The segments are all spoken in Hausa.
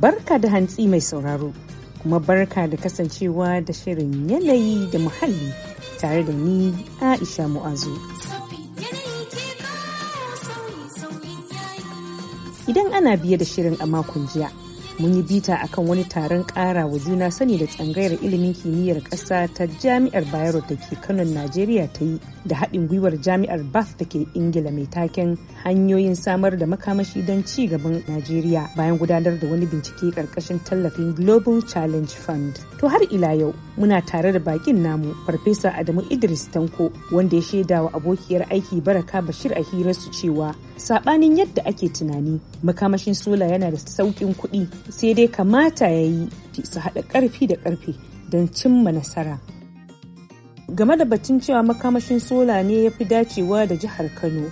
Barka da hantsi mai sauraro, kuma barka da kasancewa da shirin yanayi da muhalli tare da ni Aisha Mu'azu. Idan ana biye da shirin a makon jiya, mun yi bita akan wani taron ƙarawa wa juna sani da tsangayar ilimin kimiyyar ƙasa ta jami'ar bayero da ke kanon najeriya ta yi da haɗin gwiwar jami'ar bath da ke ingila mai taken hanyoyin samar da makamashi don ci gaban najeriya bayan gudanar da wani bincike ƙarƙashin tallafin global challenge fund to har ila yau muna tare da bakin namu farfesa adamu idris tanko wanda ya shaida wa abokiyar aiki baraka bashir a hirarsu cewa saɓanin yadda ake tunani makamashin sola yana da sauƙin kuɗi sai dai kamata ya yi su haɗa ƙarfi da ƙarfe don cimma nasara game da batun cewa makamashin sola ne ya fi dacewa da jihar kano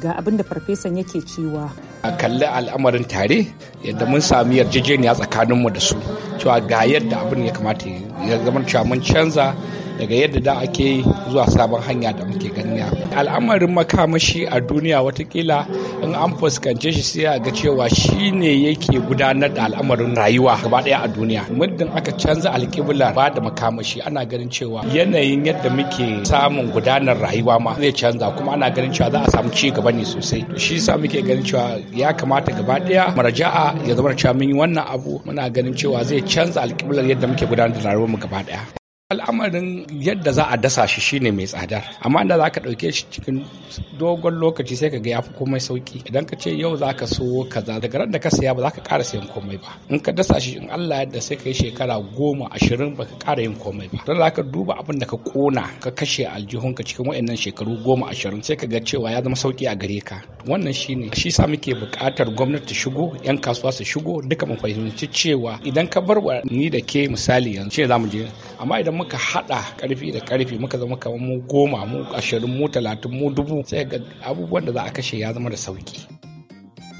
ga abin da farfesan yake cewa a kalli al'amarin tare yadda mun sami yarjejeniya tsakaninmu da su cewa ga yadda abin ya kamata ya zama cewa mun canza daga yadda da ake yi zuwa sabon hanya da muke gani al'amarin makamashi a duniya watakila in an fuskance shi sai a ga cewa shi ne yake gudanar da al'amarin rayuwa gaba daya a duniya muddin aka canza alƙibla ba da makamashi ana ganin cewa yanayin yadda muke samun gudanar rayuwa ma zai canza kuma ana ganin cewa za a samu ci gaba ne sosai to shi sa muke ganin cewa ya kamata gaba daya marja'a ya zama cewa mun yi wannan abu muna ganin cewa zai canza alƙiblar yadda muke gudanar da rayuwar mu gaba daya al'amarin yadda za a dasa shi shine mai tsada amma da za ka ɗauke shi cikin dogon lokaci sai ka ga ya fi komai sauki idan ka ce yau za ka so kaza daga ran da ka saya ba za ka ƙara sayan komai ba in ka dasa shi in Allah yadda sai ka yi shekara goma ashirin ba ka ƙara yin komai ba don za ka duba abin da ka ƙona ka kashe aljihun ka cikin wa'annan shekaru goma ashirin sai ka ga cewa ya zama sauki a gare ka wannan shine shi sa muke buƙatar gwamnati ta shigo 'yan kasuwa su shigo duka mu fahimci cewa idan ka bar wa ni da ke misali yanzu ce za mu je amma idan muka hada karfi da karfi muka zama kamar mu goma mu ashirin mu talatin mu dubu sai ga abubuwan da za a kashe ya zama da sauki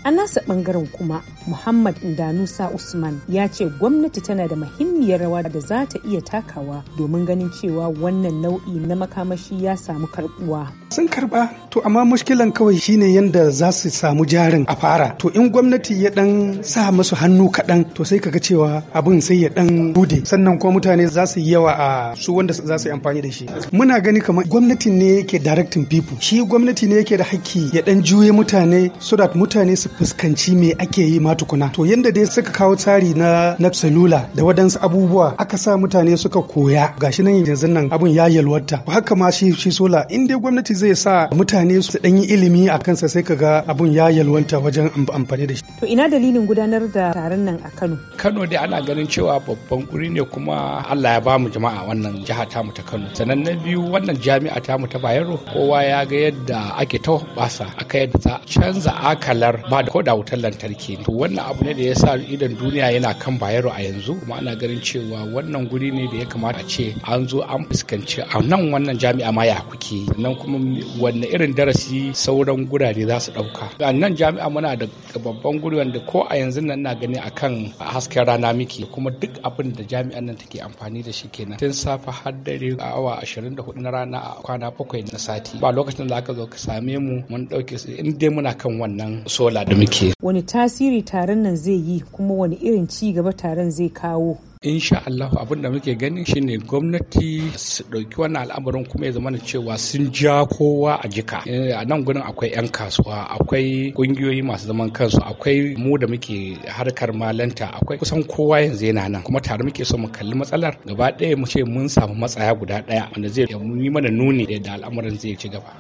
a nasa bangaren kuma muhammad indanusa usman ya ce gwamnati tana da muhimmiyar rawa da za ta iya takawa domin ganin cewa wannan nau'i na makamashi ya samu karbuwa sun karba to amma mushkilan kawai shine yanda za su samu jarin a fara to in gwamnati ya dan sa musu hannu kaɗan to sai kaga cewa abin sai ya dan bude sannan kuma mutane za su yi yawa a su wanda za su yi amfani da shi muna gani kamar Gwamnati ne yake directing people shi gwamnati ne yake da haƙƙi ya dan juye mutane so that mutane su fuskanci me ake yi ma tukuna to yanda dai suka kawo tsari na na salula da wadansu abubuwa aka sa mutane suka koya gashi nan yanzu nan abun ya yalwata haka ma shi shi sola in dai gwamnati zai sa mutane su yi ilimi a kansa sai ka ga abun ya yalwanta wajen amfani da shi. To ina dalilin gudanar da taron nan a Kano? Kano dai ana ganin cewa babban guri ne kuma Allah ya ba mu jama'a wannan jiha mu ta Kano. Sannan na biyu wannan jami'a ta mu ta Bayero kowa ya ga yadda ake ta basa aka yadda ta canza akalar ba da koda wutar lantarki To wannan abu ne da ya sa idan duniya yana kan Bayero a yanzu kuma ana ganin cewa wannan guri ne da ya kamata a ce an zo an fuskanci a nan wannan jami'a ma ya kuke. nan kuma wanne irin darasi sauran gurare za su ɗauka. A nan jami'a muna da babban guri wanda ko a yanzu nan na gani kan hasken rana miki kuma duk abin da jami'an nan take amfani da shi kenan tun safe har dare a awa 24 na rana a kwana bakwai na sati ba lokacin da aka zo ka same mu mun ɗauke su in dai muna kan wannan sola da muke. Wani tasiri taron nan zai yi kuma wani irin ci gaba taron zai kawo insha Allah abin da muke ganin shine gwamnati su ɗauki wannan al'amarin kuma ya zama cewa sun ja kowa a jika eh, a nan gudun akwai 'yan kasuwa akwai ƙungiyoyi masu zaman kansu akwai mu da muke harkar malanta akwai kusan kowa yanzu yana nan kuma tare muke so mu kalli matsalar gaba ɗaya mu ce mun samu matsaya guda ɗaya wanda zai yi mana nuni da al'amarin zai ci gaba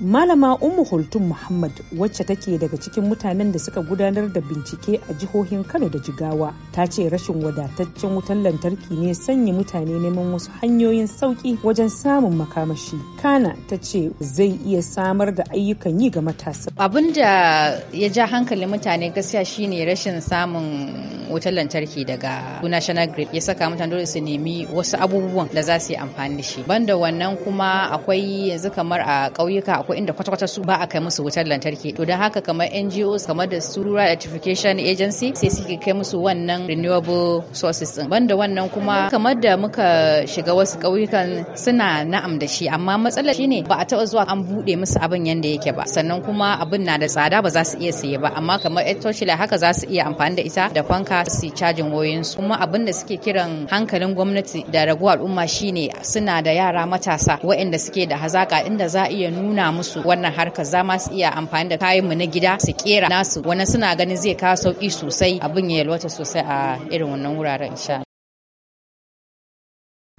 Malama Ummu Hultun Muhammad wacce take daga cikin mutanen da suka gudanar da bincike a jihohin Kano da Jigawa ta ce rashin wadataccen wutan lantarki ne sanya mutane neman wasu hanyoyin sauki wajen samun makamashi. Kana ta ce zai iya samar da ayyukan yi ga matasa. Abin da ya ja hankalin mutane gaskiya shine rashin samun wutan lantarki daga National Grid ya saka mutane dole su nemi wasu abubuwan da za su yi amfani da shi. Banda wannan kuma akwai yanzu kamar a ƙauyuka ko inda kwata-kwata su ba a kai musu wutar lantarki to don haka kamar NGOs kamar da su Rural Electrification Agency sai suke kai musu wannan renewable sources din banda wannan kuma kamar da muka shiga wasu kauyukan suna na'am da shi amma matsalar shine ba a taɓa zuwa an buɗe musu abin yanda yake ba sannan kuma abin na da tsada ba za su iya saye ba amma kamar etoshila haka za su iya amfani da ita da fanka su cajin wayoyinsu kuma abin da suke kiran hankalin gwamnati da raguwar al'umma shine suna da yara matasa waɗanda suke da hazaka inda za a iya nuna musu wannan harkar za ma su iya amfani da kayan mu na gida su kera nasu wannan suna ganin zai kawo sauki sosai abin ya yalwata sosai a irin wannan wuraren sha.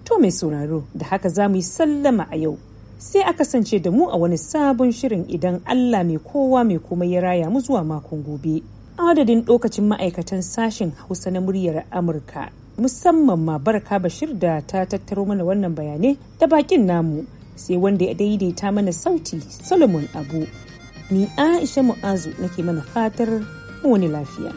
To mai sauraro da haka za mu yi sallama a yau sai a kasance da mu a wani sabon shirin idan Allah mai kowa mai komai ya raya mu zuwa makon gobe. Adadin lokacin ma'aikatan sashen Hausa na muryar Amurka musamman ma barka bashir da ta tattaro mana wannan bayanai ta bakin namu. sai wanda ya daidaita mana sauti solomon abu ni aisha mu'azu nake mana fatar mu wani lafiya